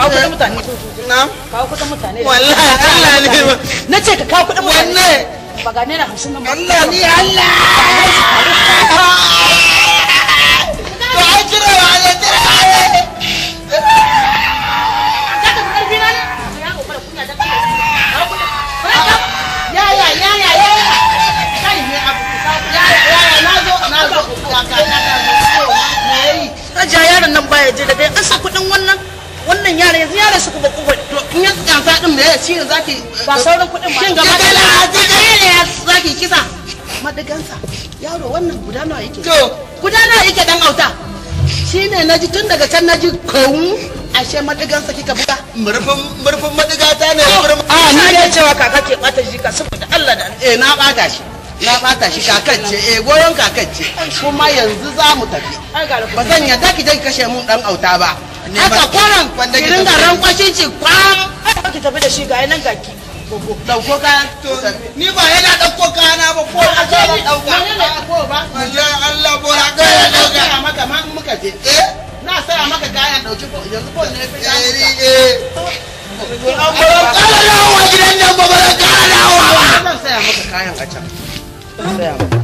kawo kudin mutane na kawo kudin mutane wallahi Allah ne na ce ka kawo kudin mutane wanne ba ga naira 50 nan Allah ni Allah to ai jira wa ne jira Aja yaron nan baya je da dai an sa kuɗin wannan wannan yara yanzu yara su kuma kuma in ya tsaka din me shi ne zaki ba sauran kuɗin ba shin gaba da ya zaki kisa madagansa yaro wannan guda nawa yake to guda nawa yake dan auta shine naji tun daga can naji kawu ashe madagansa kika buga murfin murfin madiga ta ne oh, a ah, ni ne cewa kaka ke bata shi ka saboda Allah da eh na bata shi na bata shi kakacce eh goyon ce kuma yanzu za mu tafi ba zan yarda ki je kashe mun dan auta ba haka kwaran ki ringa ci kwan ki tafi da shi ga nan dauko ka to ni ba yana dauko kayana ba ko a ce ni dauka ko ba Allah bo ga ya dauka maka ma muka je eh na saya maka kayan dauki ko yanzu ko ne fi eh eh Allah bar kala gidan nan ba bar kala na zan saya maka kayan a can saya maka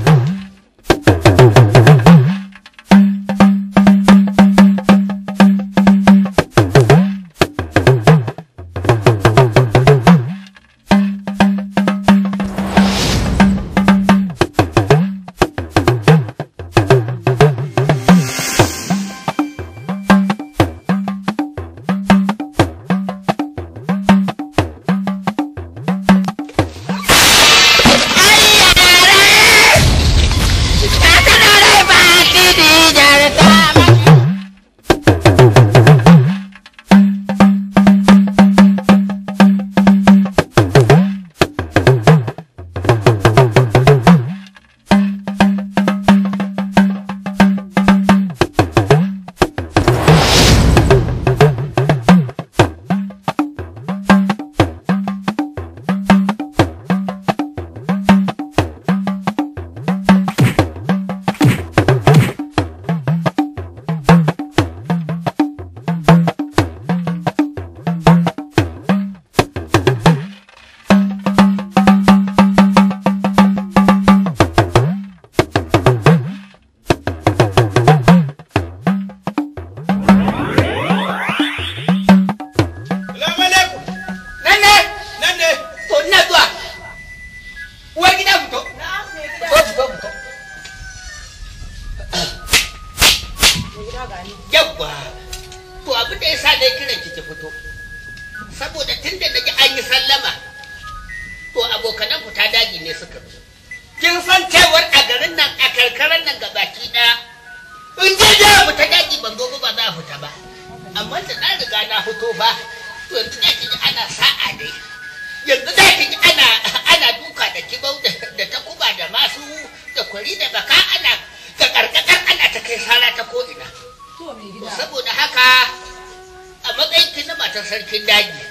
cikin daji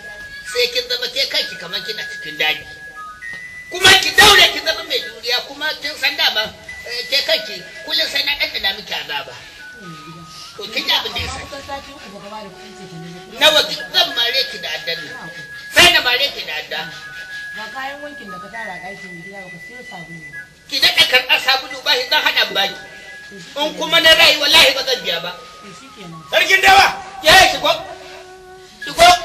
sai kin zama ke kanki kamar kina cikin daji kuma ki daure ki zama mai juriya kuma kin san dama eh, ke kanki kullum sai na da miki azaba to kin ji abin da ya san ki zan mare ki da addan sai na mare ki da adda ba kayan wankin da ka tara ɗakin gida ba ka siyo sabulu ba ki daɗa karɓar sabulu ba shi zan haɗa baki in kuma na rayuwa lahi ba zan biya ba sarkin dawa ya yi shigo shigo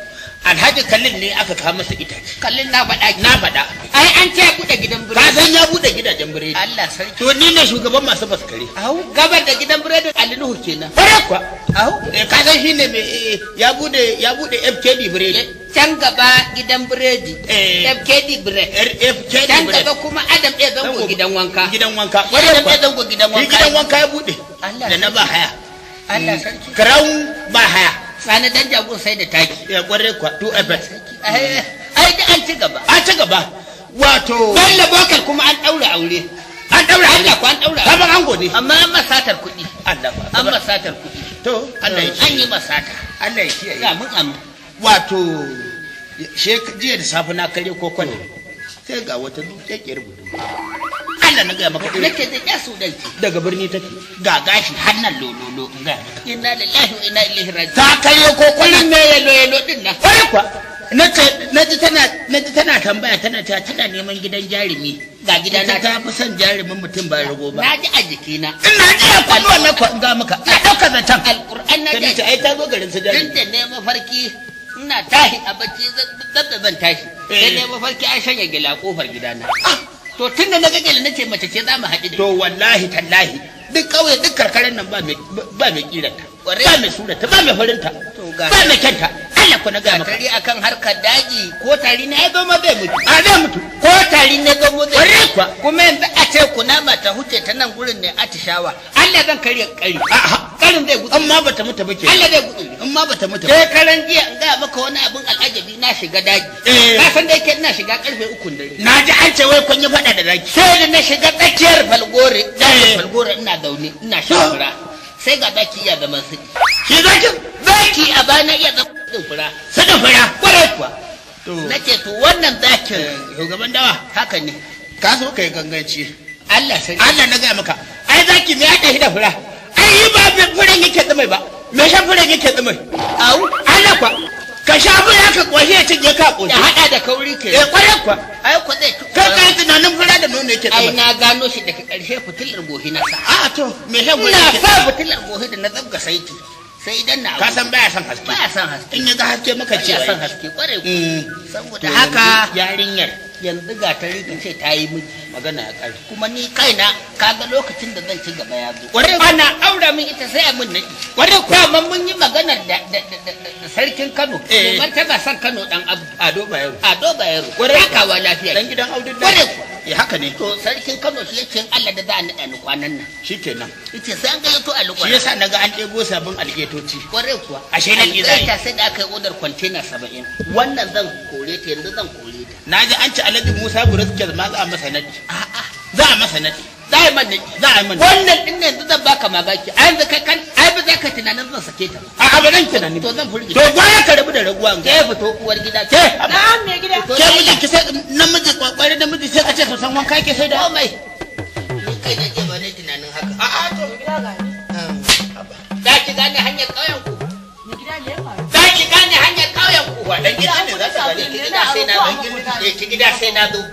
alhaji kallin ne aka kawo masa ita kallin na faɗa na faɗa ai an ce ya buɗe gidan biredi ka san ya buɗe gidajen biredi Allah sarki to ni ne shugaban masu faskare au gabar da gidan biredi alinuhu kenan bare kwa au eh, ka san ne me eh, ya buɗe ya buɗe FKD biredi eh, can gaba gidan biredi FKD biredi er, FKD can gaba kuma Adam ya zango gidan wanka gidan wanka Adam ya zango gidan wanka gidan wanka ya buɗe Allah da na ba haya Allah sarki crown ba haya sani dan jagon sai da taki ya kware kwa tu effort ai da an ci gaba an ci gaba wato bello bakar kuma an daura aure an daura Allah ko an daura kaman an gode amma an masatar kuɗi Allah an masatar kuɗi to Allah ya an yi masata Allah ya ci. ya mun am. wato jiya da safe na kare kokon sai ga wata dukiyar budurwa Allah na gaya maka ke da ya dai daga birni take ga gashi hannan lololo ga inna lillahi wa inna ilaihi raji'un ta kai ko kullun ne yalo yalo din nan kai kwa naji tana naji tana tambaya tana ta tana neman gidan jarumi ga gidan na ta fi son jarumin mutum ba rago ba naji a jikina ina ji ya kwallo na kwa ga maka na dauka zantan alquran na ji ai ta zo garin su jarumi din ne mafarki ina tashi a bacci zan zan tashi eh. sai ne mafarki an shanya gila kofar gidana ah! to tun da na ga gele nace mace ce za mu haɗu to wallahi tallahi duk ƙauye duk karkarar nan ba mai kiranta ba mai surata ba mai farinta ba mai kyanta Allah ko na ga maka tari akan harkar daji ko tari na zo ma bai mutu a zai mutu ko tari na ga mu zai kwa kuma yanzu a ce ku na ta huce ta nan gurin ne a tishawa Allah zan kare kari karin zai gudu amma bata mutu ba ke Allah zai gudu amma bata mutu ba karan jiya in ga maka wani abin al'ajabi na shiga daji eh. ka san da yake ina shiga karfe uku dare na ji an ce wai kun yi fada da daji sai da na shiga tsakiyar falgore falgore eh. ina zaune ina shafura oh. sai ga daki ya zama saki shi zaki zaki a bana iya zama sakin fura sakin fura kwarai kuwa na ce to wannan zakin eh. shugaban dawa haka ne ka so ganganci Allah sai Allah na gaya maka ai zaki me da fura ai yi ba furan yake tsamai ba me shan furan yake tsamai au Allah kwa ka sha fura ka kwashe ya cinye ka kwashe ya haɗa da kauri ke eh kwarai kwa ai ko zai ka ka tunanin fura da nono yake tsamai ai na gano shi daga karshe fitilar bohi na sa a ah, to me shan fura na sa fitilar bohi da na zabga saiti sai idan na ka san baya san haske baya son haske in ya ga haske maka ce baya son haske kware mm. saboda haka yarinyar yanzu ga ta rika ce ta yi miji magana ya ƙarfi kuma ni kaina kaga lokacin da zan ci gaba ya zo ware bana aura min ita sai a min naɗi ware ku amma mun yi maganar da sarkin Kano eh. ta ga san Kano dan Abdu Ado Bayero Ado Bayero ware wa lafiya dan gidan Audu da ware ya haka ne to sarkin Kano shi yake Allah da za a naɗa ni kwanan nan shikenan yace sai an ga yato lokacin shi yasa naga an ɗebo sabon algetoci ware kuwa ashe nan ki zai sai da aka yi odar container 70 wannan zan kore ta yanzu zan kore ta naji an ci alhaji musa buraskes ma za a masa nadi za a masa nadi za a yi man nadi za a yi man wannan din ne yanzu zan baka magaki a yanzu kai kan ai ba za ka tunanin zan sake ta a abu nan tunani to zan furgi to ba ka rabu da raguwa ke fito uwar gida ke na'am me gida ke miji ki sai namiji kwakwari namiji sai ka ce ka san wanka ke sai da mai ni kai nake ba ne tunanin haka a a to gida ga ni da ki gane hanyar kauyen ku gida ne ba kuwa dan gida ne za ta gida sai na dan gida eh, ki gida sai na zo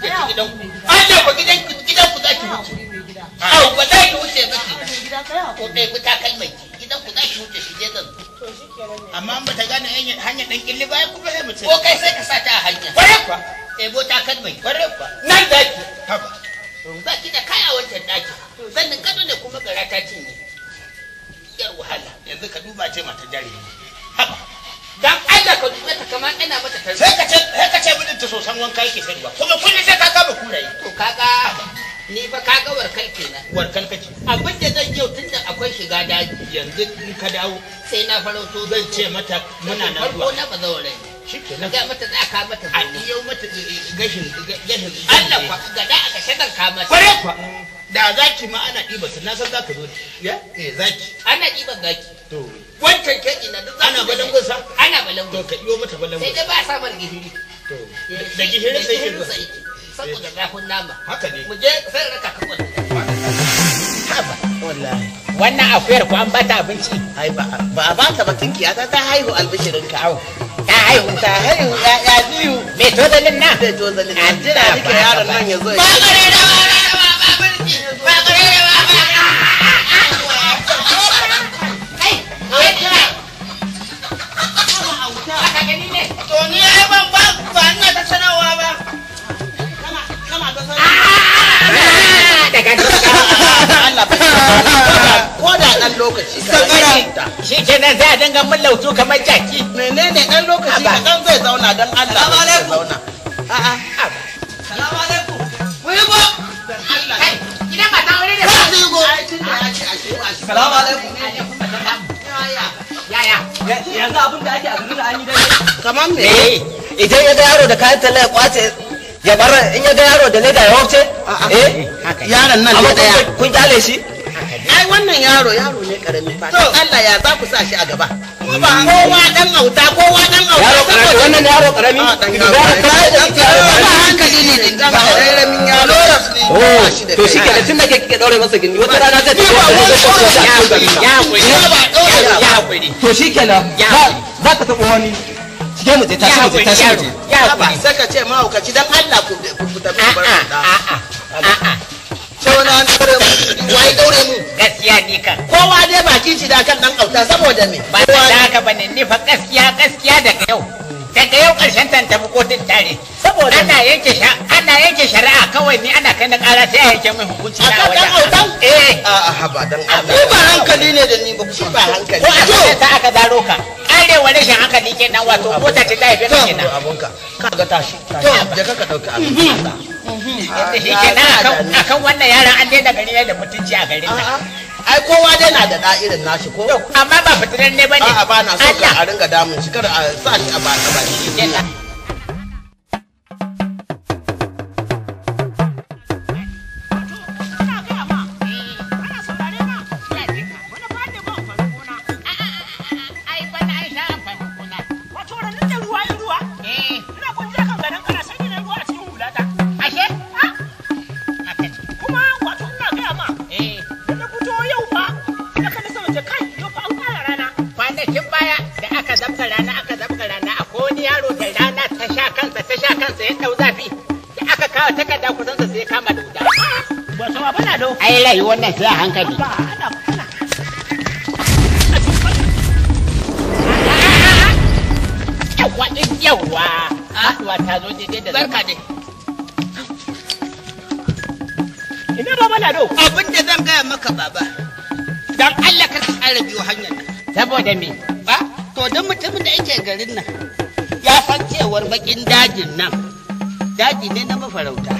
ki gidan ku Allah gidan ku gidan ku wuce au ah, ba za wuce ko ku ta kalmai gidan ku wuce shi je zan amma ba ta gane hanyar dan killi ba ku ba sai mutum ko kai sai ka sa ta hanya kwarai kuwa ebo ta kalmai kwarai kwa. nan za haba ba da kaya wancan daki sannan kado ne kuma gara cinye yar wahala yanzu ka duba ce mata jari haba dan Allah ka duba ta kamar ina mata tarbi sai ka ce sai ka ce mijin ta sosan wanka yake sai ba kuma kullum sai ka kama kuraye to kaga ni fa kaga warkar kenan warkar kace abin da zan yau tunda akwai shiga daji yanzu in ka dawo sai na farauto zan ce mata muna na zuwa farko na bazawarai shikenan ga mata za ka mata a yau mata eh, eh, gashin gashin Allah fa ga da aka shadan ka mata kware kwa da zaki ma ana diba sannan san ka zo ya eh zaki ana diban zaki wancan ke ina duk ana balangun sa ana balangun to ka iyo mata balangun sai dai ba sa mar gihiri to eh, da gihiri sai ke zuwa saboda eh. zafin nama haka ne mu je sai raka ka wallahi wannan akuyar ko an bata abinci ai ba a bata ba kinki ta ta haihu albishirin ka au ta haihu ta haihu ya biyu me to tozalin na me tozalin na jira nake yaron nan ya zo ya ba lokaci shi ke nan sai dinga mun lautu kamar jaki menene dan lokaci da dan zai zauna dan Allah salamu alaikum zauna a'a salamu alaikum wai ba dan Allah gidan ba ta wuri ne ba zai go salamu alaikum yanzu abin da ake a duniya an yi dai kamar me idan ya ga yaro da kayan talla ya kwace ya bar in ya ga yaro da leda ya wuce eh yaron nan ne daya kun kyale shi ai wannan yaro yaro ne karami ba Allah ya za ku sa shi a gaba kowa dan auta kowa dan auta yaro karami wannan yaro karami ah, ba hankali ne din ba karamin yaro oh to shi kenan tun da kike daure masa gindi wata rana zai ta ya kuri ya Ya to shi kenan za ka taɓa wani shige mu je ta shi ta shi ya ba saka ce ma ku ci dan Allah ku ku tafi bar da sai wani an daure mu wai daure mu gaskiya ni kan kowa dai bakin shi da kan dan auta saboda me ba da haka bane ni fa gaskiya gaskiya daga yau daga yau karshen ta tafi kotun tare saboda ana yanke ana yanke shari'a kawai ni ana kai na kara sai a yanke mai hukunci na wajen akan autan eh a ba ba hankali ne da ni ba ko ba hankali ko a ta aka daro ka karewa rashin hankali nan wato mota ta haife ka kenan abunka ka ga tashi to da ka ka dauki abin mhm. mhm. shi kenan akan wannan yaran an daina gari ne da mutunci a garin nan ai kowa dai na da da'irin nashi ko amma ba fitinan ne bane a'a ba na so a ringa damun shi kar a sa shi a shi rayuwar nan sai a hankali yawa eh, yawa haɗuwa ta zo daidai da zama ina baba lado abin da zan gaya maka baba don allah ka tsara biyu hanyar saboda me ba to don mutumin da yake garin nan ya san cewar bakin dajin nan daji ne na mafarauta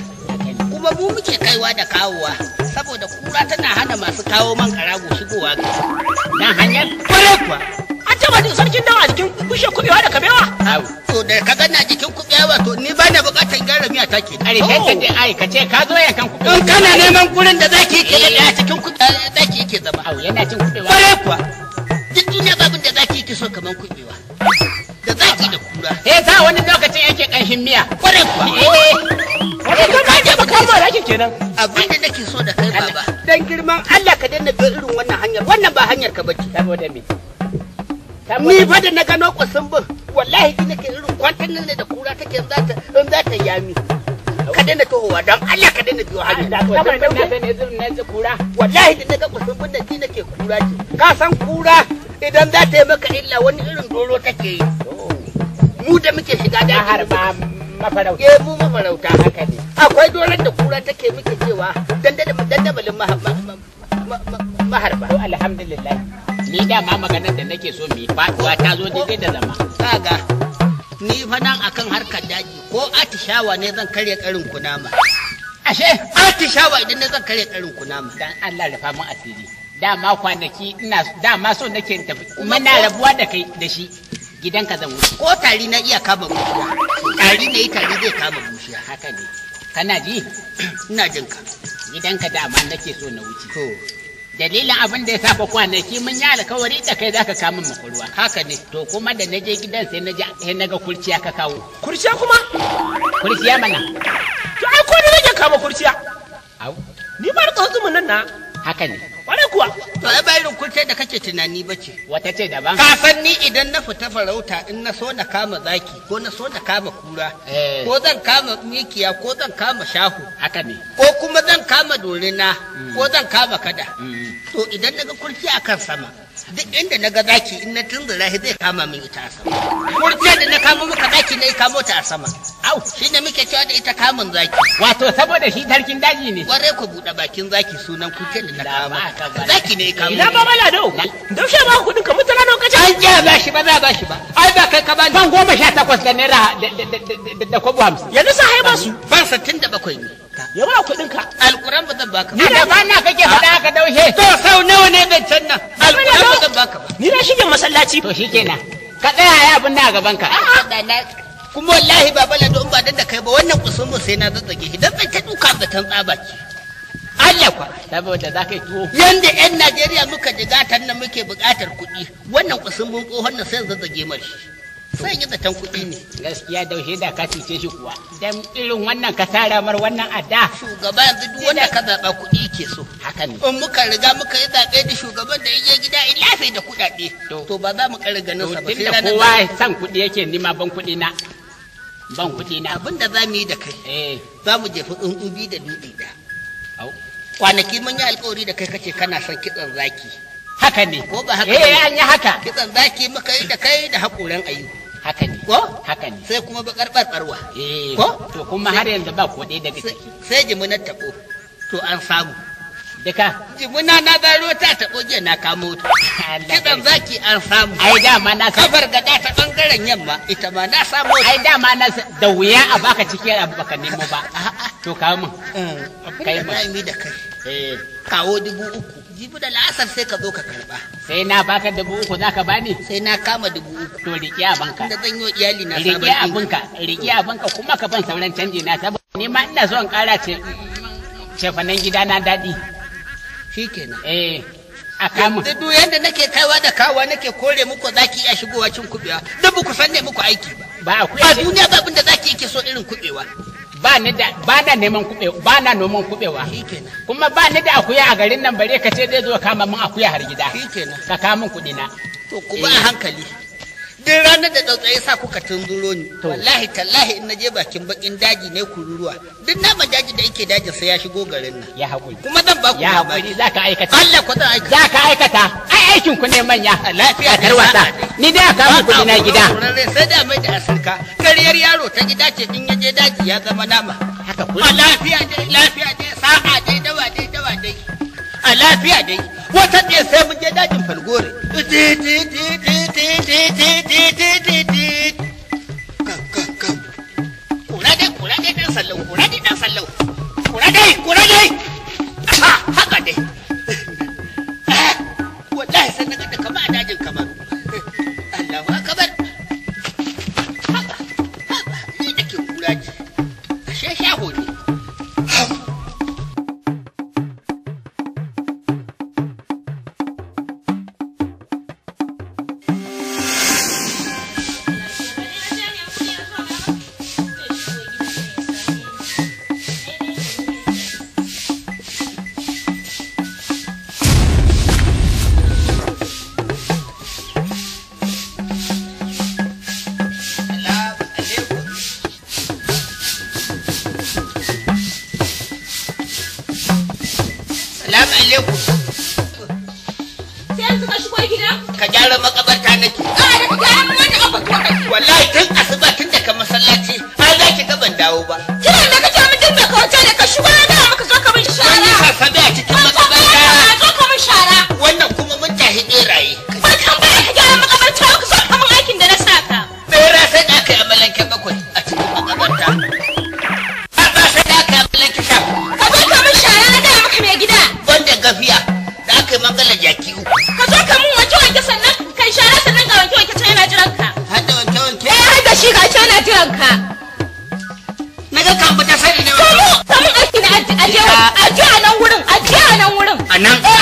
kuma mu muke kaiwa da kawowa saboda kura tana hana masu kawo man karago shigowa gari dan hanyar kware kuwa an taba jin sarkin dawa jikin bushe kubewa da kabewa to da ka gana jikin kubewa to ni ba na bukatar garami a take karshen ka je ai ka ce ka zo ya kan kubewa in kana neman gurin da zaki ki da eh, cikin kubewa eh, zaki yake zama au yana cin kubewa kware kuwa duk duniya babin da zaki ki so kaman kubewa da zaki da kura eh za wani lokacin yake kanshin miya kware kuwa eh, eh. ka je ba kan mara kenan abin da nake so da saboda me ni fa da na gano kusun bin wallahi ji nake irin kwantar nan ne da kura take in za ta in za ta yami ka daina tohowa don Allah ka daina biyo hanya da kawai na gane irin na ji kura wallahi da na ga kusun bin nan ji nake kura ce ka san kura idan za ta yi maka illa wani irin doro take yi mu da muke shiga da har ba mafarauta eh mu mafarauta haka ne akwai doron da kura take muke cewa dandamalin maharba alhamdulillah ni da ma maganar da nake so mi faduwa ta zo daidai da zama kaga ni fa nan akan harkar daji ko atishawa ne zan karya karin kunama ashe atishawa idan ne zan karya karin kunama dan Allah rufa mun asiri dama kwanaki ina dama so nake tafi muna rabuwa da kai da shi gidanka zan wuce ko tari na iya kama bushiya tari ne tari zai kama bushiya haka ne kana ji ina jinka gidanka dama nake so na wuce to dalilin abin da ya saba kwanaki mun yi alkawari da kai zaka kawo min makulwa haka ne to kuma da na je gidan sai na sai na ga kurciya ka kawo kurciya kuma kurciya mana to ai ko ne nake kawo kurciya au ni ba na mun nan na haka ne Wani kuwa. To ai ba irin kurce da kake tunani bace ce. Wata ce daban. Ka ni idan na fita farauta in na so na kama zaki ko na so na kama kura. Eh. Ko zan kama mikiya ko zan kama shahu. Haka ne. Ko kuma zan kama dorina mm. ko zan kama kada. Mm. To idan na ga akan sama. duk inda na ga zaki in na tunzura zai kama min ita a sama da na kama muka zaki na kamo ta a sama au shi ne muke cewa da ita kamun zaki wato saboda shi tarkin daji ne kware ku buɗe bakin zaki sunan kuke da na kama zaki ne kamo ina ba bala dau dau sha ba kuɗin ka mutala kace an ja ba shi ba za ba shi ba ai ba kai ka bani ban goma sha takwas da naira da kwabo hamsin yanzu sa haiba su ban sittin da bakwai ne ya ba kuɗin ka alƙuran ba zan baka ni da ba na kake faɗa haka daushe to sau nawa ne zancen nan alƙuran ba zan baka ba ni na shige masallaci to shikenan ka tsaya ya abin da gaban ka kuma wallahi baba lado in ba dan da kai ba wannan kusumu sai na zazzage shi dan ta duka batan tsaba ce Allah kwa saboda za ka yi tuwo yanda yan Najeriya muka jiga nan muke buƙatar kuɗi wannan kusumun tsohon nan sai zazzage mar shi sai yi zaton kuɗi ne gaskiya daushe da ka cuce shi kuwa dan irin wannan ka tara mar wannan ada shugaba yanzu duk wanda ka zaɓa kuɗi ke so haka ne in muka riga muka yi zaɓe da shugaban da yake gida in lafe da kuɗaɗe to ba za mu ƙara ganin sa ba sai ranar kowa san kuɗi yake nima ban kuɗi na ban kuɗi na abin da za mu yi da kai eh. za mu jefa tsuntsubi da dutse da kwanaki mun yi alkawari da kai kace kana son kitson zaki haka ne ko ba haka eh, ne eh an yi haka kitson zaki muka yi da kai da haƙoran ayyuka haka ne ko haka ne sai kuma bakar karbar barwa eh, ko to kuma har yanzu ba ko daga ciki sai jimuna tabo to an samu Dika. Jimuna na baro ta taɓo jiya na kamo ta. Kiɗan zaki an samu. Ai ma na samu. Kafar gada ta bangaren yamma ita ma na samu. Ai ma na da wuya a baka cikin a baka nemo ba. To kawo min. Eh, kai min. da da kai. Eh. Kawo dubu uku. jibi da la'asar sai ka zo ka karba sai na baka dubu uku za ka bani sai na kama dubu uku to riƙe abinka da zan yi iyali na sabon riƙe abinka riƙe abinka kuma ka ban sauran canji na saboda ni ma ina so in ƙara ce cefanen gida na daɗi shikenan eh a kama yanzu yadda nake kaiwa da kawa nake kore muku zaki iya shigowa cin kubewa duk ku san ne muku aiki ba ba duniya ba abin da zaki yake so irin kubewa ba ni da ba na neman kuɓe ba na noman kuɓewa kuma ba ni da akuya a garin nan bare ka ce zai zo kama mun akuya har gida ka kama mun kuɗi na to ku ba hankali din ranar da dautsa ya sa kuka tunduro ni wallahi tallahi in naje bakin bakin daji ne ku kururuwa duk naman daji da yake dajin sai ya shigo garin nan ya hakuri kuma zan ba ku ya hakuri zaka aikata Allah ku zaka aikata aikin ku ne manya lafiya tarwata ni da aka mu kudi na gida sai da mai da asirka kariyar yaro ta gida ce in yaje daji ya zama nama haka ku lafiya dai lafiya dai sa'a dai dawa dai dawa dai a lafiya dai wata ce sai mun je dajin falgore kura dai kura dai dan sallau kura dai dan sallau kura dai kura dai haka dai wallahi sai na ga kama a dajin kama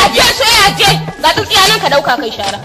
je soya je ga duk nan ka dauka kai shara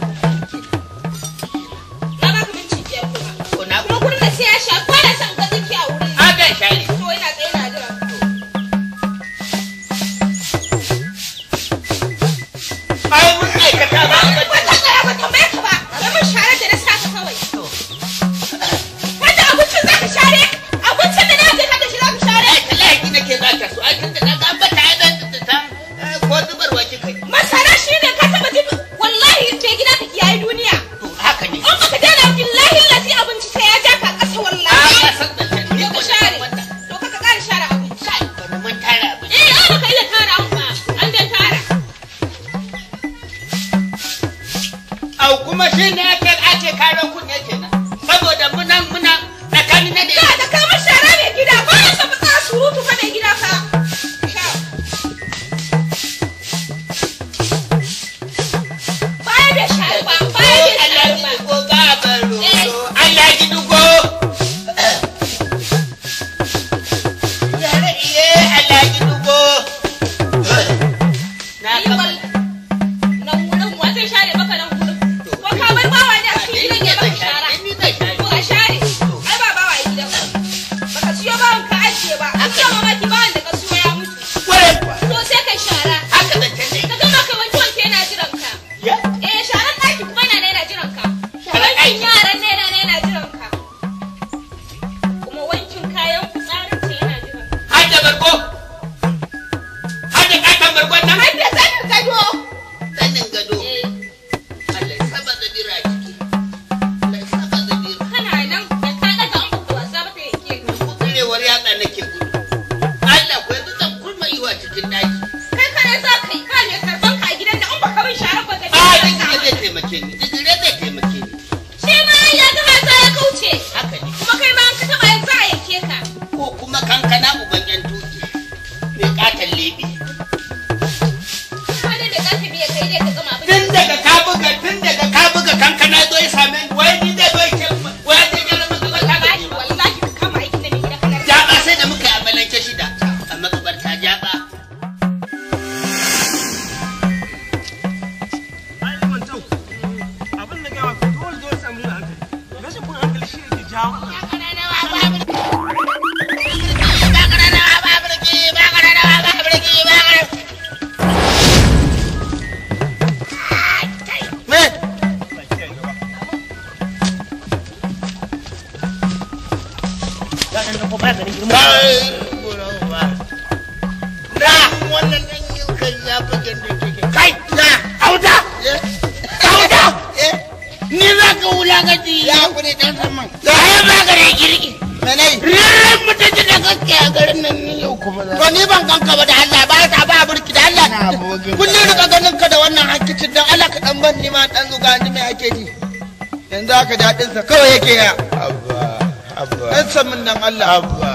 abba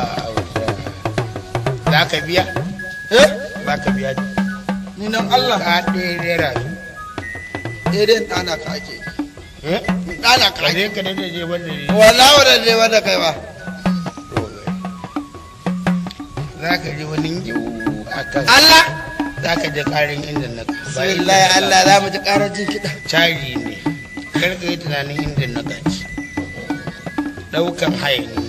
za ka biya eh ba ka biya ni nan Allah ka ɗaya rayu eh, irin ɗana ka ake eh? ɗana ka ake ka da je wanda ne wala wanda je wanda kai ba za ka ji wani yi a kan Allah za ka ji ƙarin inda na ka sai Allah za mu ji ƙarar jin kiɗa cari ne karka yi tunanin inda na ka ɗaukan hayani.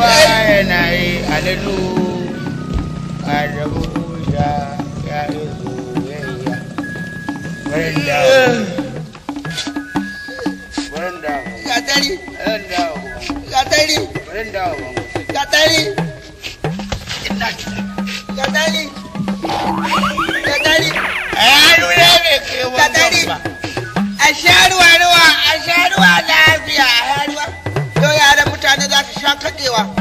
kowa yana yi alalu adamu da ya yi soyayya wurin dawo wurin dawo gatari wurin dawo gatari wurin dawo gatari gatari gatari a yaro a sha ruwa ruwa 对吧？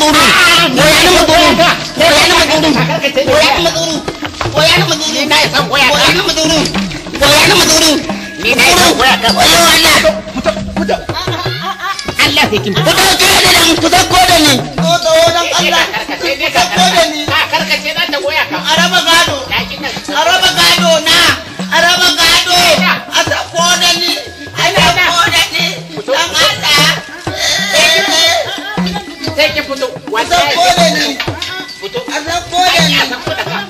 mazuru koya mazuru koya mazuru koya mazuru koya mazuru na san koya koya mazuru koya mazuru ni na san ni ni gado na araba gado Asan foda ne. Asan foda ne.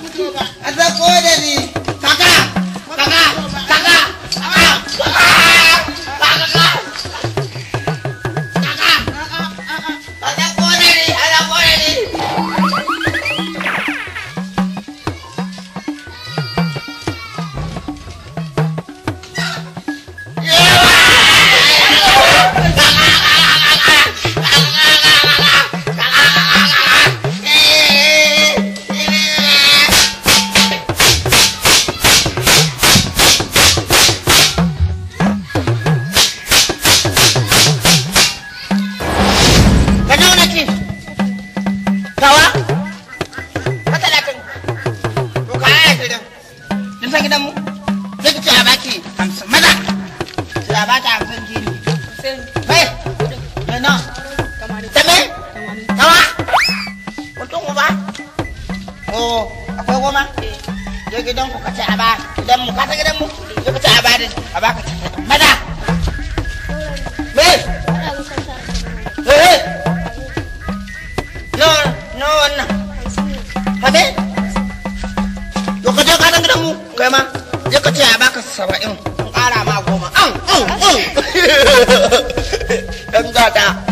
kai ma je ka ce a baka saba'in ƙara ma goma an an an dan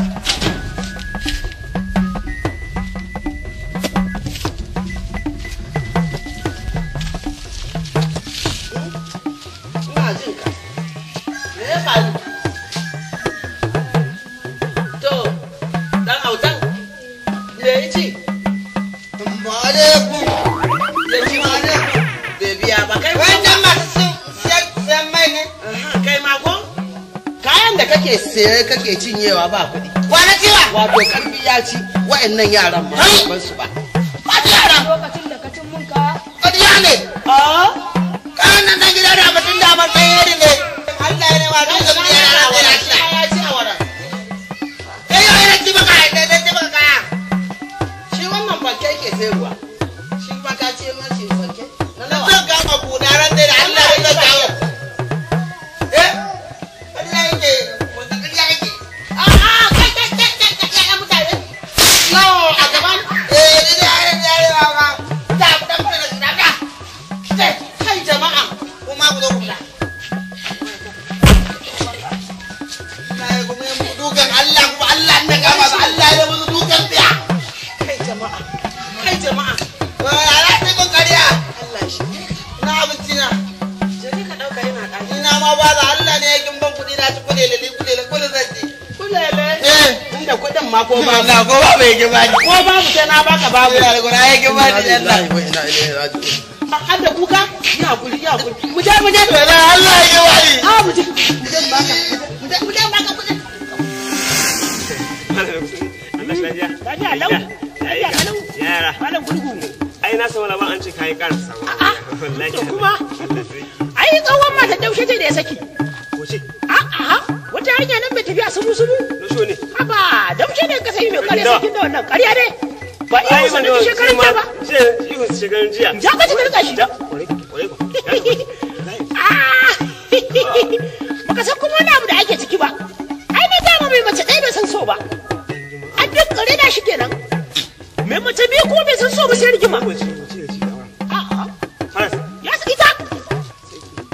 kake cinyewa ba kuɗi. Wa na ciwa? Wato karfi ya ci wa'annan yaran ma ban su ba. yi wa inna ilaihi raji'un an da kuka ya guri ya guri mu je mu je wala Allah ya wai a mu je mu je baka mu je mu je lafiya lau mu kalau yara na laban an ce kai karasa wallahi kuma ai tsawon mata daushe ce da ya saki ko ce a a wata hanya nan bai tafiya subu subu no so ne haba daushe ne ka sai mai kare sakin da wannan ƙarya ne ba iya wasu da shekaran jiya ba shekaran jiya ya ka cikin rika shi ah! baka san kuma wani abu da ake ciki ba ai ni dama mai mace ɗaya bai san so ba an duk kare na shi kenan mai mace biyu kuma bai san so ba sai rigima ah, ah. ya su ita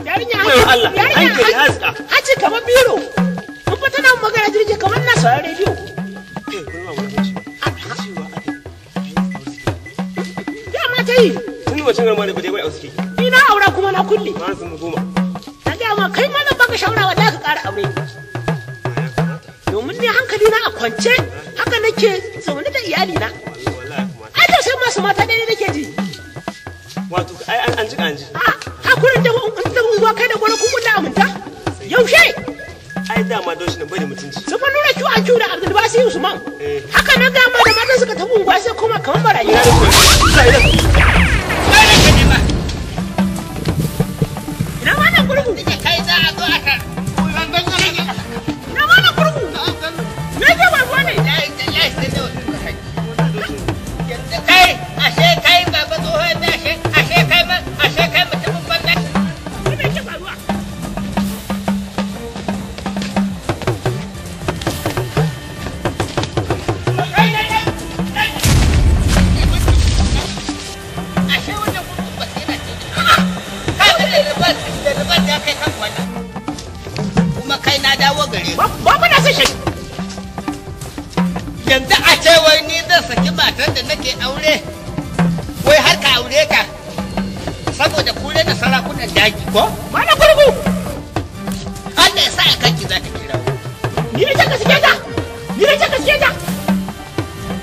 yarinya hancin kamar biro in fa tana magana jirgin kamar na sauran rediyo eh, ba wacin ramar da bai auski ni na aura kuma na kulli Ba ma mu goma na ga ma kai ma nan baka shawara wallahi ka ƙara aure domin ni hankali na a kwance haka nake zaune da iyali na ai da sai masu mata dai nake ji wato ai an an ji an ji a ah, da in da zuwa kai da gwara kuma na amunta. yaushe ai dama don shi ne bai mutunci su fa nuna ciwo an ciwo da abdulbasi usman eh. haka na gama da matan suka tabu unguwa sai kuma kamar barayi zan ja kai kan wannan kuma kai na dawo gare ba muna son shi yanzu a ce wai ni zan saki matan da nake aure wai har ka aure ta saboda kure da sarakunan daji ko mana gurgu Allah ya sa a kanki za ta kira ni ne ta gaske ta ni ne ta gaske ta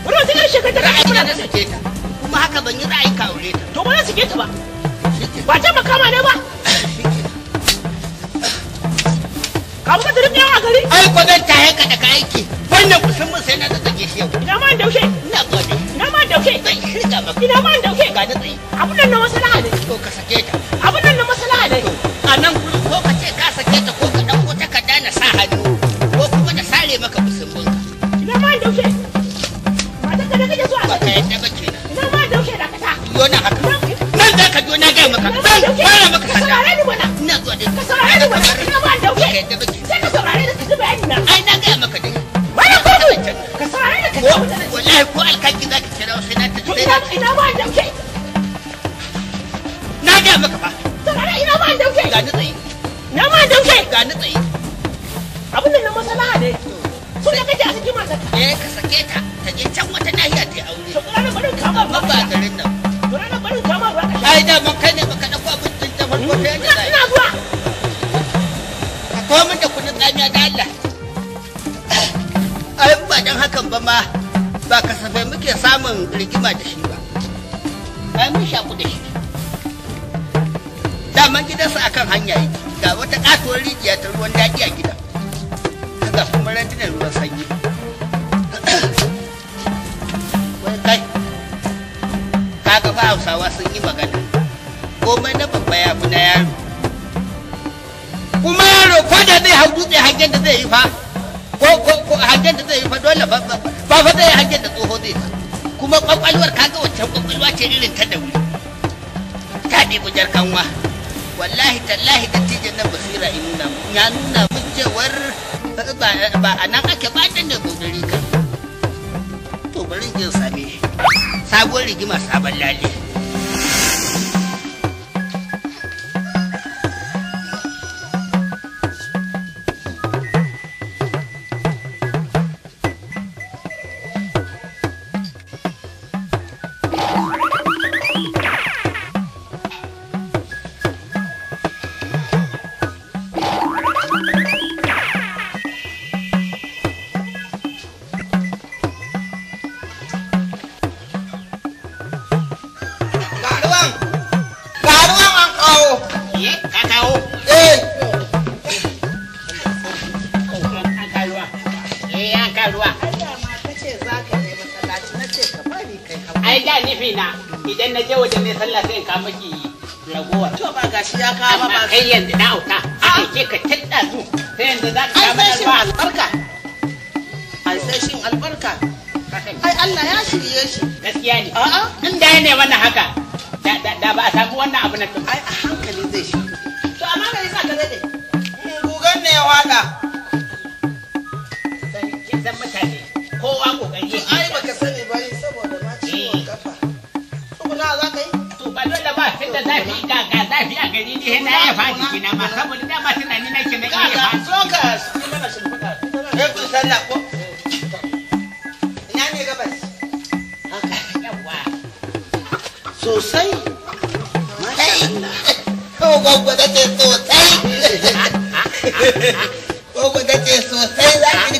wannan ta gaske ta ra'ayi na sake ta kuma haka ban yi ra'ayi ka aure ta to ba na su ta ba ba ta makama ne ba ne a gari ai ko zan taye ka daga aiki wannan kusan mun sai na ta take shi yau ina ma daushe ina gode ina ma daushe zan shirga maka ina ma daushe ga ni tsaye abun nan na masalaha ne ka sake ta daɗi a gida ga kuma randunan ruwan sanyi wai kai kaga fa hausawa sun yi magana komai na babba ya fi na yaro kuma yaro ko da zai hau dutse da zai yi fa ko ko hangen da zai yi fa dole ba fa zai hangen da tsoho zai fa kuma kwakwalwar kaga wancan kwakwalwa ce irin ta da wuri ta ɗebi jarkanwa kanwa wallahi tallahi dattijan nan basira in nuna ya nuna mun cewar ba a nan ake ba da ne guduri to bari in same sabuwar rigima sabon lalle tunda zafi ga ga zafi a gari ne na ya faɗi gina ma saboda na mana shimfiɗa. kun ko? Ina ne gabas? Haka. Sosai. gwagwa ce sosai. Gwagwa ce sosai za ki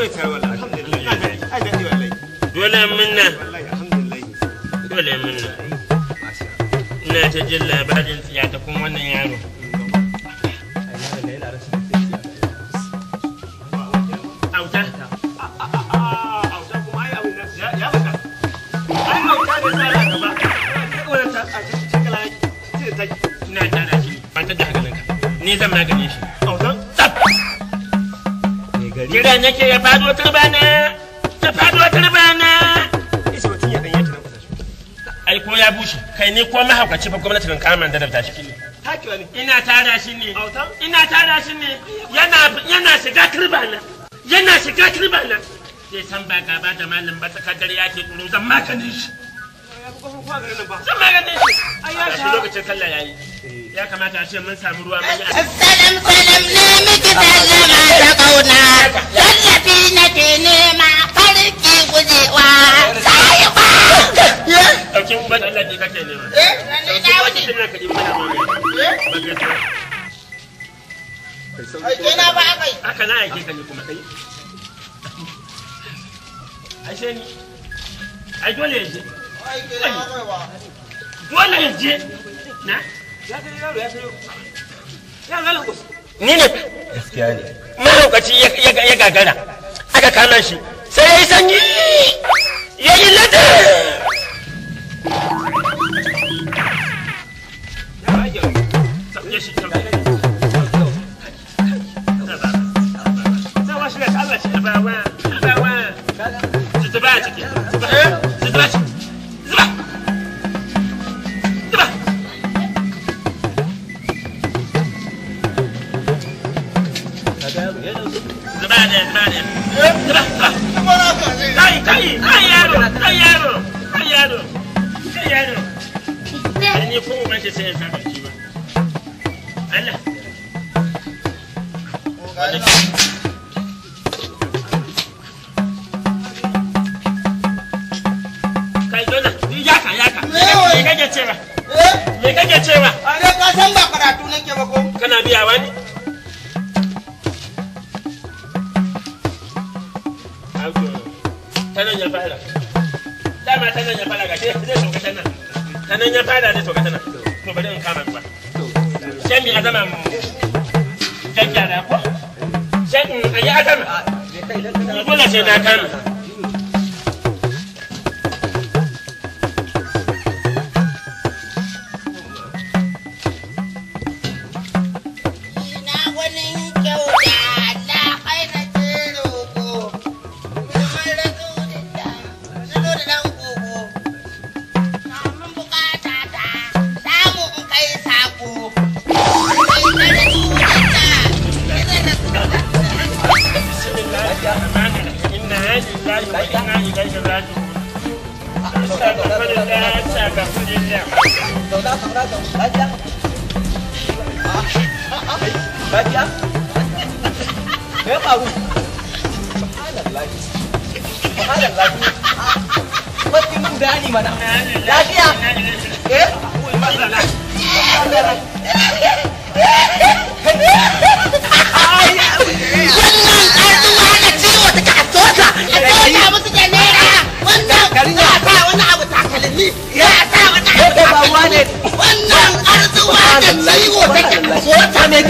dole dole Ni zan magane shi. jira nake ya fado turbana ta fado turbana ai ko ya bushe kai ni ko mahaukaci fa gwamnati kan kama da dabta shi ina tara shi ne ina tara shi ne yana yana shiga turbana yana shiga turbana zai san ba gaba da malam ba tsakar dare yake tsoro zan maganin shi zan maganin shi lokacin sallah yayi ya kamata a ce mun samu ruwa mun salam salam ne miki sallama da kauna tallafi na ke nema farki gujewa sai ba mun Allah ke kake nema haka na yake kani kuma kai ashe ni ai dole ya je dole ya je na ni ne gaskiya ne mahaukaci ya gagara aka kama shi sai ya yi sanyi ya yi lada Cheers, everybody.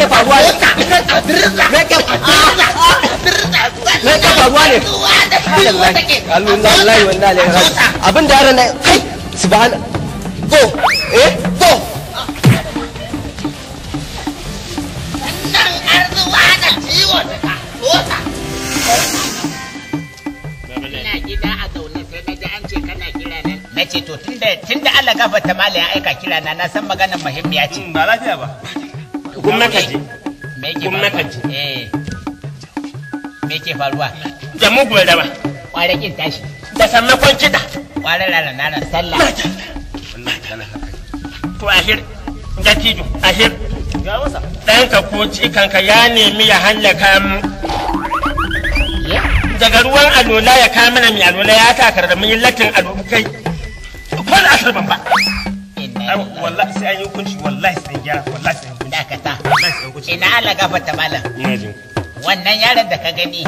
yake faruwa ne me yake me yake faruwa ne alhamdulillah wallahi alhamdulillah abin da yaran kai subhana go eh go na ce to tunda Allah gafarta mala ya aika kira na na san maganar muhimmiya ce hmm, ba lafiya ba kun na kaji kun da mugun kware kin tashi da kida kware lala na sallah to ahir ga tijo ahir ga wasa ɗanka ko ya nemi ya hallaka mu daga ruwan alola ya kama mana mai alola ya kakar da mun latin alola kai ko asar ban ba wallahi sai an yi wallahi sai gyara wallahi sai dakata ina ala gafarta malam wannan yaron da ka gani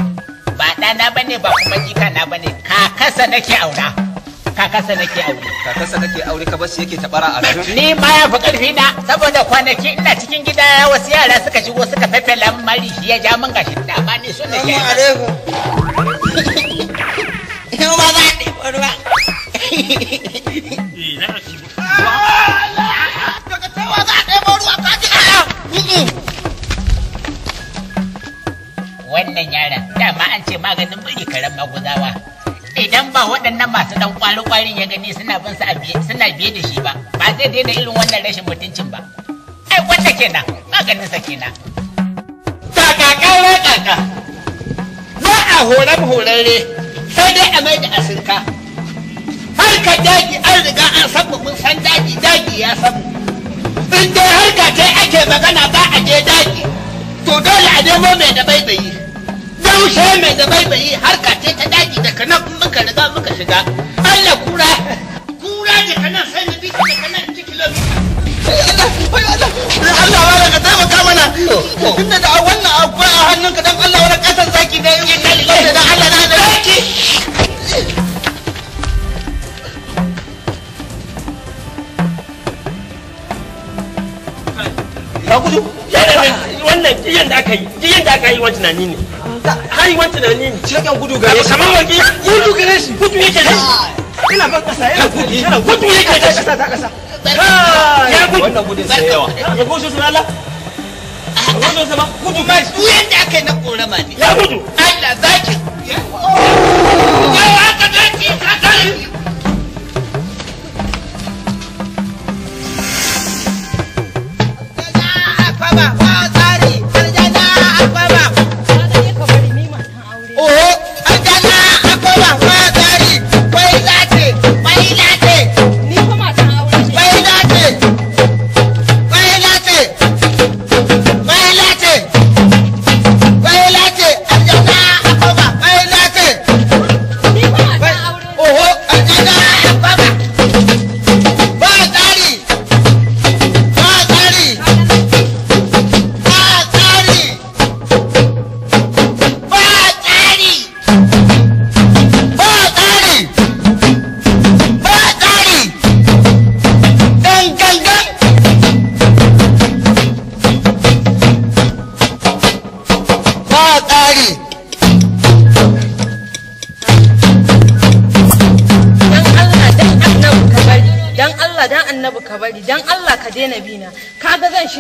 ba ɗana ba ne ba kuma jika na ba ne kakasa nake aura kakasa nake aure kakasa nake aure ka bashi yake tabara a ni ma ya fi karfi na saboda kwanaki ina cikin gida ya wasu yara suka shigo suka fefela min mari shi ya ja min gashi da ba ni so nake assalamu yau ba za a ɗebo ruwa Wa eh, za a ɗebo ruwa Wannan yaran dama an ce maganin biri karen maguzawa. Idan ba waɗannan masu ɗan kwari-kwarin ya gani suna bin sa suna biye da shi ba, ba zai daina irin wannan rashin mutuncin ba. Ai wanda kenan, maganin sa kenan. Kakaka ya kaka. Za a horar horarre, sai dai a mai da asirka. ka daji an riga an samu mun san daji daji ya samu. in dai harka ta ake magana ba a je daji to dole a nemo mai da baibayi daushe mai da baibayi harka ce ta daji daga nan muka riga muka shiga Allah kura kura daga nan sai na bita daga nan ta kilomita Allah wala ka taimaka mana tunda da wannan akwai a hannunka dan Allah wala kasan zaki da in da Allah na da zaki ka gudu wannan kiyan da aka yi kiyan da aka yi wancan nani ne har yi wancan nani ne cikin gudu ga ya saman waki gudu gare shi gudu yake da shi ina ban kasa ina gudu yana gudu yake da shi ta kasa ya gudu wannan gudun sai yawa ya goshe su Allah goshe su gudu kai su yanda aka yi na korama ne ya gudu Allah zaki yawa ka zaki amarrado.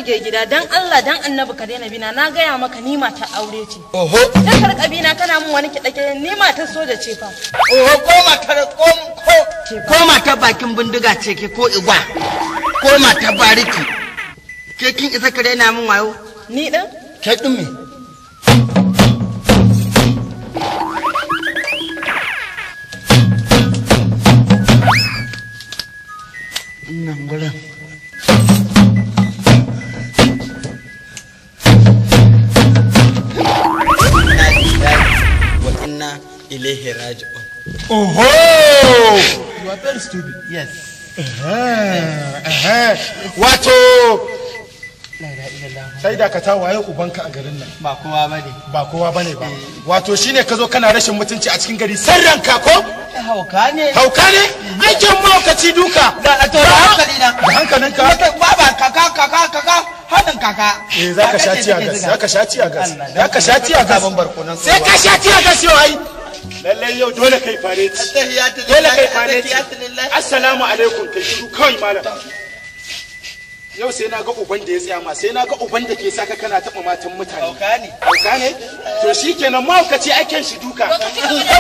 shige gida dan Allah dan annabi ka daina bina na gaya maka ni mata aure ce oho dan karka bina kana mun wani kidake ni mata soja ce fa oho ko matar ko ko matar bakin bindiga ce ke ko igwa ko matar bariki ke kin isa ka daina mun wayo ni dan kai dumi me stupid yes wato sai da ka ta waye ubanka a garin nan ba kowa bane ba kowa ba eh. wato shine ka zo kana rashin mutunci a cikin gari san ranka ko eh, hauka ne hauka ne eh. aikin mahaukaci duka da to da hankali na da hankalin ka ba ba kaka kaka kaka kaka eh zaka sha ciya gas zaka sha gas zaka sha gas sai ka sha ciya gas yau ai lallai yau dole kai fare ci dole kai fare ci assalamu alaikum kai shiru kawai malam yau sai na ga uban da ya tsaya ma sai na ga uban da ke saka kana taɓa matan mutane auka ne auka ne ma shikenan mahaukaci aikin shi duka kan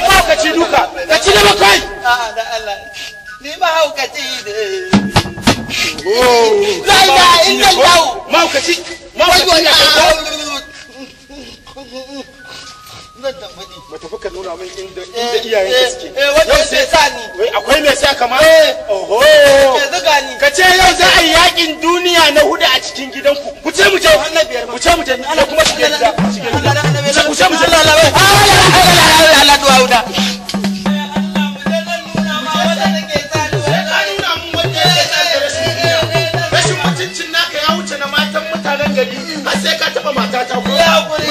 mahaukaci duka ka ci gaba kai a'a da Allah ni mahaukaci ne la ilaha zan tambaɗi ba tafi ka nuna min inda inda iyayen ka suke eh wanda yake sa ni wai akwai me sai kama oho ke zuga ni ka ce yau za a yi yakin duniya na hudu a cikin gidanku ku ce mu je ce mu je kuma shige gida ku ce mu je Allah Allah Allah Allah duwa huda rashin mutuncin naka ya wuce na matan sai ka taba matata ko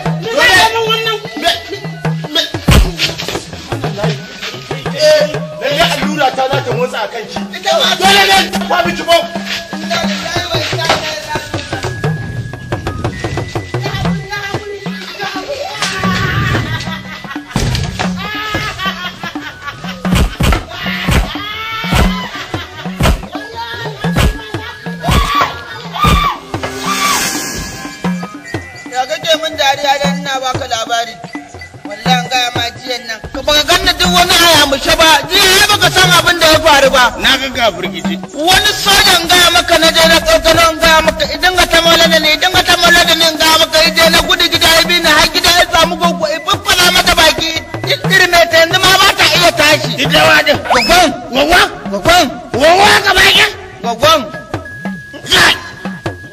jin wani ayamushe ba jiya baka san abin da ya faru ba na ga ga firgici wani sojan ga maka na je na kokano ga gaya maka idan ka tamala da ne idan ka tamala da ne in gaya maka idan na gudu gida ya bi na har gida ya samu gogo in faffala mata baki jirgin mai ta yanzu ma ba ta iya tashi ita da gwagwan gwagwan gwagwan gwagwan ka baki gwagwan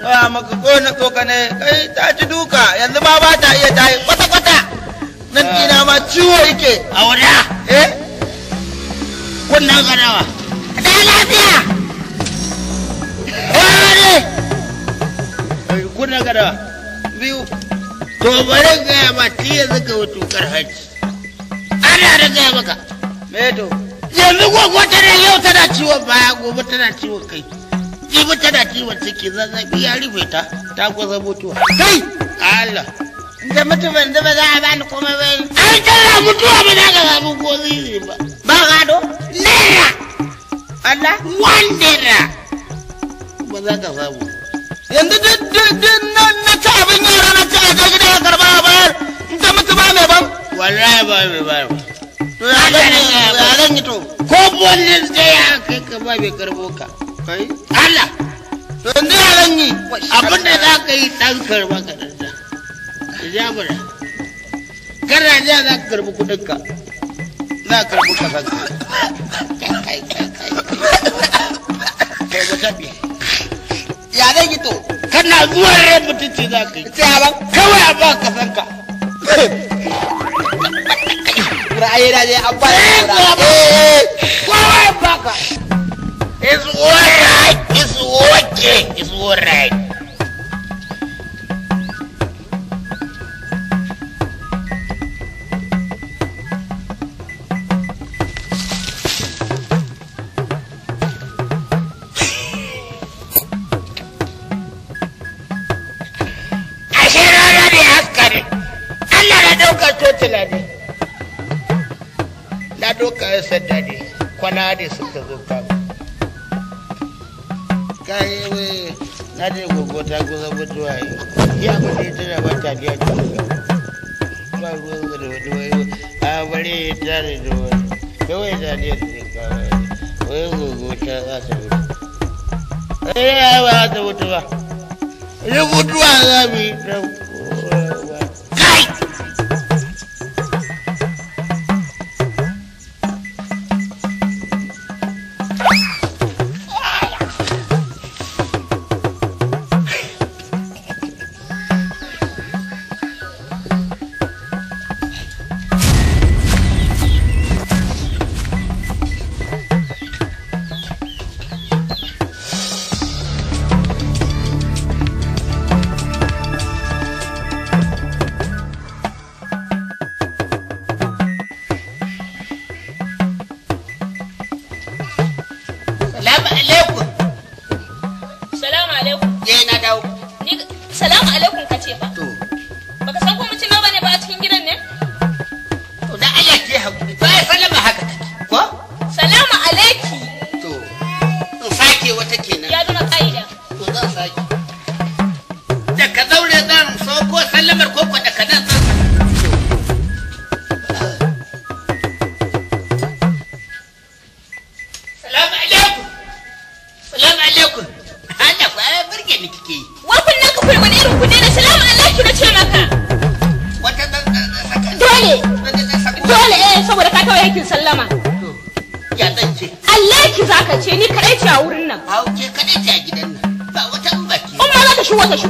Wa maka kone kokane kai ta ci duka yanzu ma ba ta iya tashi kwata-kwata nan ina ma ciwo yake a wuda kunnan karawa da lafiya ware kunnan karawa biyu to bari gaya ma ti yanzu ga tukar hajji ana da gaya maka meto yanzu ta ne yau tana ciwon baya gobe tana ciwon kai jibi tana ciwon ciki zazzabi ya rufe ta ta kusa mutuwa kai Allah da mutumin da za a bani komai ba an kalla mutuwa ba za ka samu ko ziri ba ba gado naira Allah one naira ba za ka samu yanzu duk na ci abin yara na ci a gida ka karba a bayar ta mutu ba mai ban wallahi ba mai bayar to ya gani ya gani to ko ya kai ka ba bai karbo ka Allah to yanzu ya gani abin za ka yi dan karba ka ja mana kana ja za ka karbi kudinka za ka karbi kafanka kai kai kai kai wata biya ya dai gito kana zuwa rai mutunci za ka yi kawai a ba kafanka ra'ayi na dai an ba eh, eh. kawai ba ka it's all right it's okay it's all right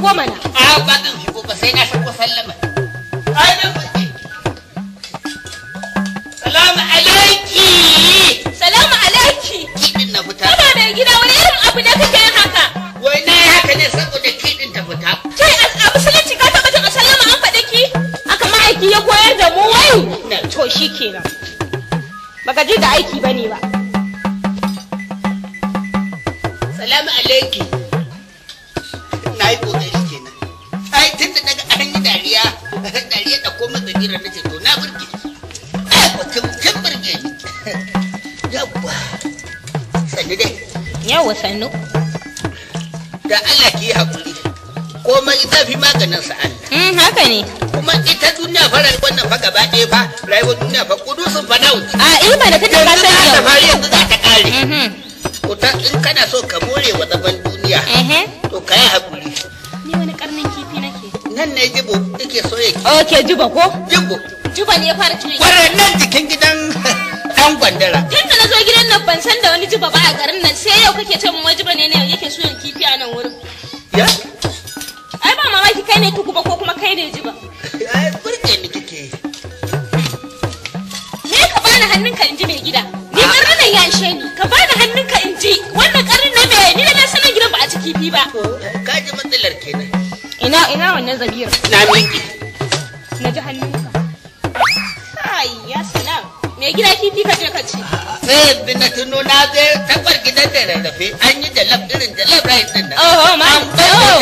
woman. juba ko juba juba ne ya fara cire kwarar nan jikin gidan dan gwandara tun na zo gidan nan ban san da wani juba ba a garin nan sai yau kake ta mun juba ne ne yake suyan kifi a nan wurin ya ai ba mamaki kai ne tukuba ko kuma kai ne juba ai burge ni kike ne ka bani hannunka in ji mai gida ni ban ah. rana ya she ni ka bani hannunka in ji wannan karin na me ni da na sanin gidan ba a ci kifi ba ka ji matsalar kenan ina ina wannan zabira na miki hannunka kai ya salam me gida kifi ka je ka ci sai yanzu na tuno na je tabar gidan da rarrafe an yi jalab irin jalab rice din nan oh ma oh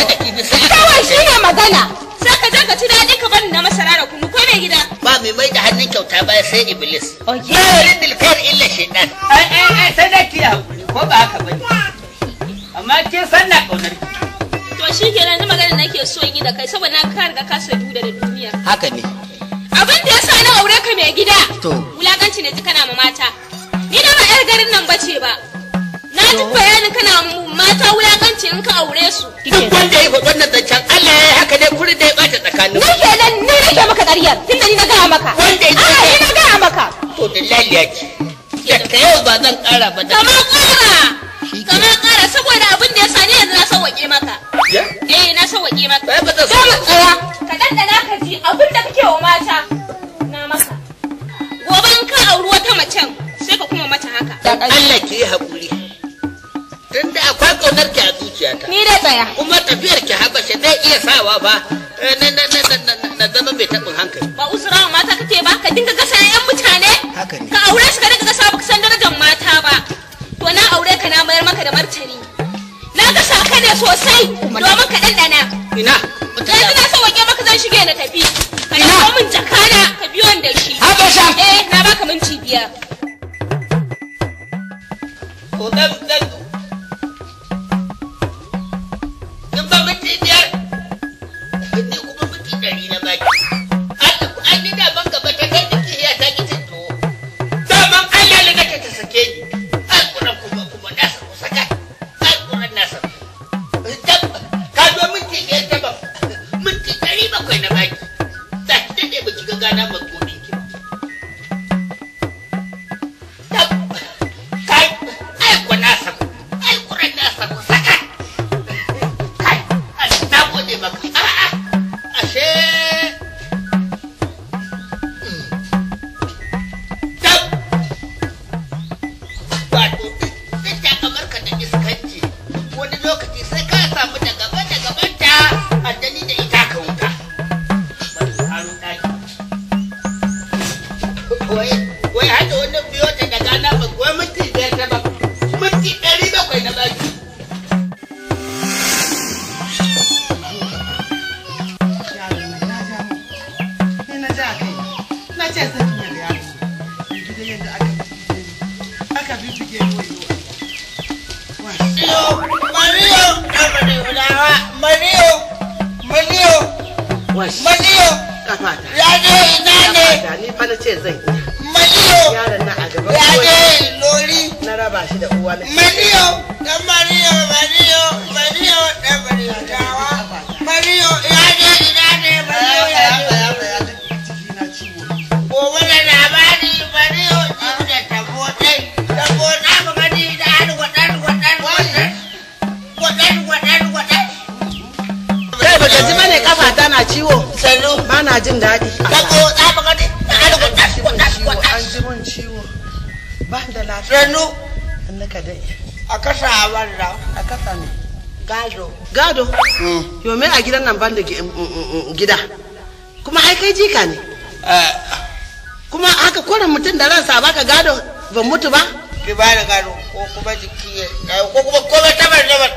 kawai shi ne magana sai ka je ka ci daɗi ka bani na masara da kunu ko mai gida ba mai mai da hannun kyauta ba sai iblis okay ba ridil kar illa shaytan ai ai ai sai da ki hakuri ko ba haka bane amma kin san na kaunar ki to shi kenan ni magana nake so yi da kai saboda na ka riga ka sadu da duk gida wulakanci ne ji kana ma mata ni da ba yar garin nan bace ba na ji bayanin kana mata wulakanci in ka aure su duk wanda ya faɗi wannan zancen Allah ya yi haka ne kuri da ya ɓata tsakanin ni ke nan ni rage maka ƙaryar tunda ni na gaya maka wanda ya ni na gaya maka to da laliya ki daga yau ba zan ƙara ba kama ƙara kama ƙara saboda abin da ya sa ni yanzu na sauwaƙe maka eh na sauwaƙe maka ba zan tsaya ka dandana ka ji abin da kake wa mata macen sai ka kuma mata haka dan Allah ki yi hakuri tun da akwai ƙaunar ki a zuciyata ni dai tsaya kuma tafiyar ki habasha zai iya sawa ba eh, na na na na zama mai taɓin hankali ba usura mata kake ba ka dinga gasa yan mutane haka ne ka aure su ka dinga gasa ba ka san darajar mata ba to na aure ka na mayar maka da martani na ga ka ne sosai domin ka ɗanɗana ina yanzu na sa wake maka zan shige na tafi ka ɗauko min jakana ka biyo da shi habasha eh na baka minti biyar to zan zan in ba minti biyar ni kuma minti ɗari na baki ba da lafiya sannu sannu ka dai a kasa wannan a kasa ne gado gado hmm. yo me a gidan nan ban da mm, mm, mm, gida kuma hai kai jika ne eh. kuma haka koren mutum da ransa baka gado ban mutu ba ki ba da gado ko kuma jiki eh, ko kuma komai tabar da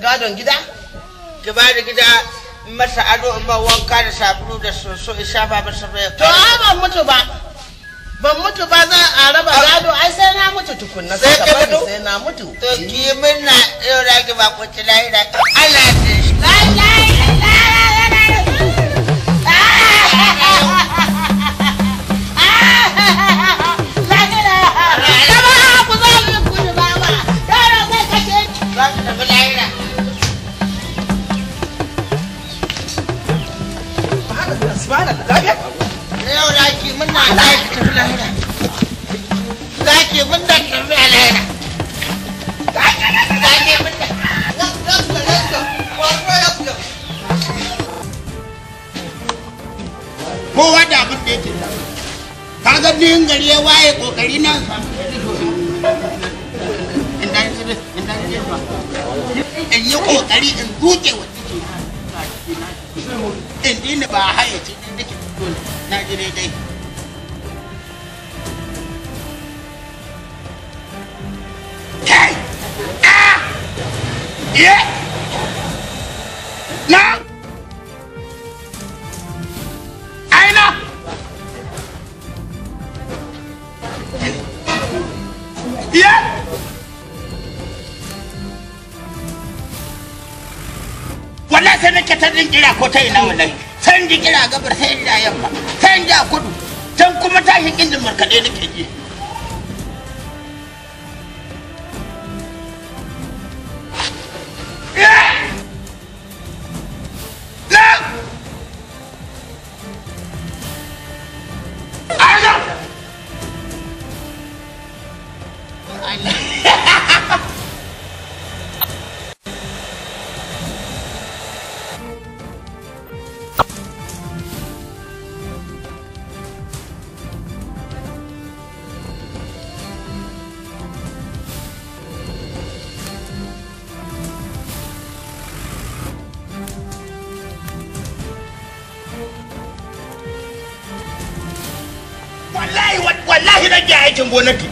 gadon gida ki ba da gida masa ado in wanka da sabulu da soso in shafa masa bai to ba mutu ba ban mutu ba za a raba ah. gado ai sai na mutu tukunna sai ka bari sai na mutu to ki minna yau da ki ba ku ci lahira Allah ta shi Subhanallah, lafiya? Yau lafiya. muna za ki tafi lahira za ki muna tafi lahira kowa da abin da yake ka ga biyun gari ya waye kokari nan in yi kokari in duke wa ciki in dina ba hayaci in nake na ji Ah! Yeah! Na! Aina! Yeah! Wallahi sai nake ta kira ko ta ina Sai in gabar da yamma. Sai da kudu. Can kuma tashin injin markaɗe nake ji. aikin gonaki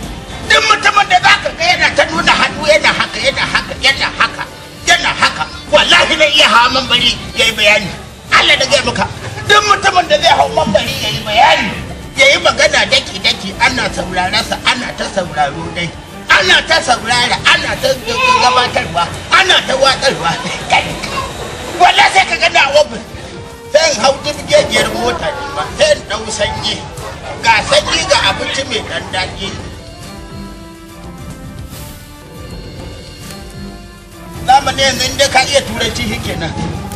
duk mutumin da za ka ga yana ta nuna hannu yana haka yana haka yana haka yana haka wallahi zai iya hawa mambari ya yi bayani Allah da gaya maka duk mutumin da zai hau mambari ya yi bayani ya yi magana daki daki ana saurararsa ana ta sauraro dai ana ta saurara ana ta gabatarwa ana ta watsarwa wallahi sai ka ga na wabin sai hau jirgejiyar mota ne ba sai in ɗau sanyi ga sanyi ga abinci mai ɗan daɗi zamani yanzu inda ka iya turanci shi kenan